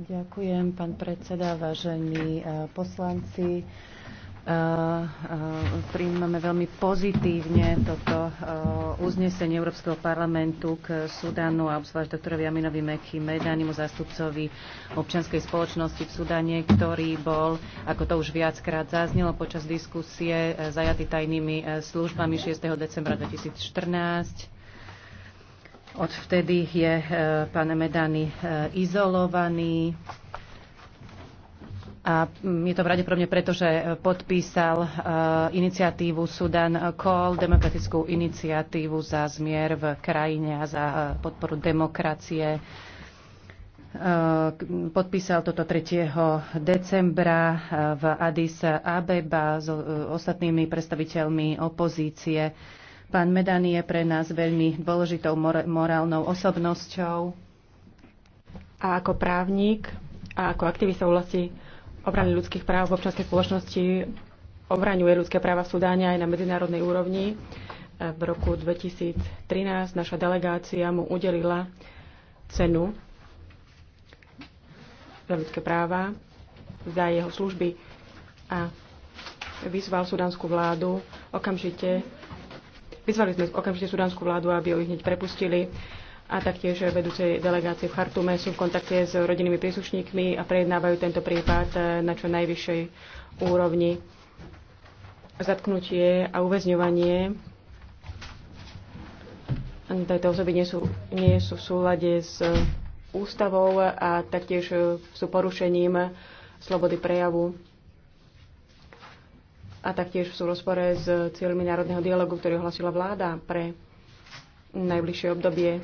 Ďakujem, pán predseda, vážení eh, poslanci. Eh, eh, Príjmame veľmi pozitívne toto uznesenie Európskeho parlamentu k Sudánu a obzvlášť doktorovi Aminovi Meky Medanimu, zástupcovi občianskej spoločnosti v Sudáne, ktorý bol, ako to už viackrát zaznelo počas diskusie, zajatý tajnými službami 6. decembra 2014 Odvtedy je e, pán Medany e, izolovaný a mm, je to pravdepodobne preto, že podpísal e, iniciatívu Sudan Call, demokratickú iniciatívu za zmier v krajine a za podporu demokracie. Podpísal toto 3. decembra v Addis Abeba s ostatnými predstaviteľmi opozície. Pán Medan je pre nás veľmi dôležitou mor- morálnou osobnosťou. A ako právnik a ako aktivista v oblasti obrany ľudských práv v občanskej spoločnosti obraňuje ľudské práva v Sudáne aj na medzinárodnej úrovni. V roku 2013 naša delegácia mu udelila cenu za ľudské práva, za jeho služby a vyzval sudánsku vládu okamžite Vyzvali sme okamžite sudánsku vládu, aby ju hneď prepustili a taktiež vedúce delegácie v Chartume sú v kontakte s rodinnými príslušníkmi a prejednávajú tento prípad na čo najvyššej úrovni. Zatknutie a uväzňovanie tejto osoby nie sú, nie sú v súlade s ústavou a taktiež sú porušením slobody prejavu a taktiež sú v rozpore s cieľmi národného dialogu, ktorý ohlasila vláda pre najbližšie obdobie.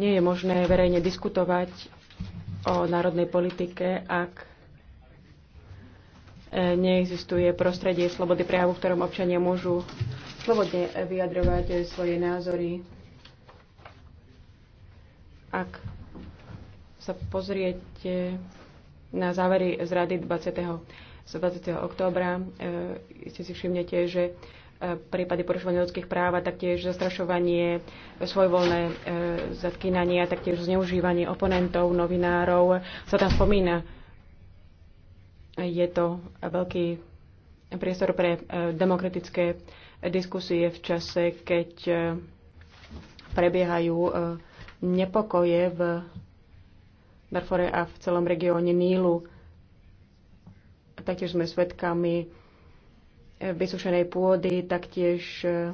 Nie je možné verejne diskutovať o národnej politike, ak e, neexistuje prostredie slobody prejavu, v ktorom občania môžu slobodne vyjadrovať svoje názory. Ak sa pozriete na závery z rady 20. Z 20. októbra e, ste si všimnete, že e, prípady porušovania ľudských práv a taktiež zastrašovanie, e, svojvoľné e, zatkynanie a taktiež zneužívanie oponentov, novinárov sa tam spomína. Je to veľký priestor pre e, demokratické diskusie v čase, keď e, prebiehajú e, nepokoje v Darfore a v celom regióne Nílu. Taktiež sme svedkami eh, vysušenej pôdy, taktiež eh,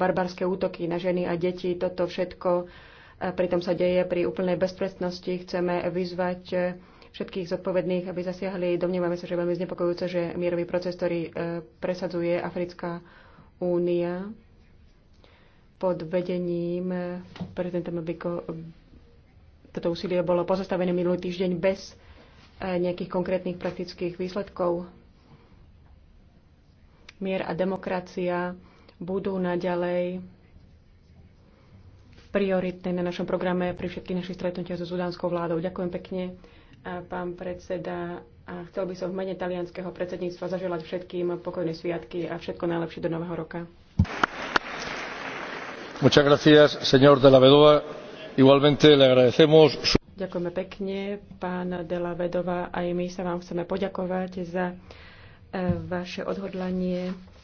barbarské útoky na ženy a deti. Toto všetko eh, pritom sa deje pri úplnej bezprestnosti. Chceme vyzvať všetkých zodpovedných, aby zasiahli. Domnievame sa, že je veľmi znepokojúce, že mierový proces, ktorý presadzuje Africká únia pod vedením prezidenta Mbiko toto úsilie bolo pozastavené minulý týždeň bez e, nejakých konkrétnych praktických výsledkov. Mier a demokracia budú naďalej prioritné na našom programe pri všetkých našich stretnutiach so sudánskou vládou. Ďakujem pekne, e, pán predseda. A chcel by som v mene talianského predsedníctva zaželať všetkým pokojné sviatky a všetko najlepšie do nového roka. Muchas gracias, señor de la Vedova. Igualmente le agradecemos su... Ďakujeme pekne, pán Dela Vedova. Aj my sa vám chceme poďakovať za eh, vaše odhodlanie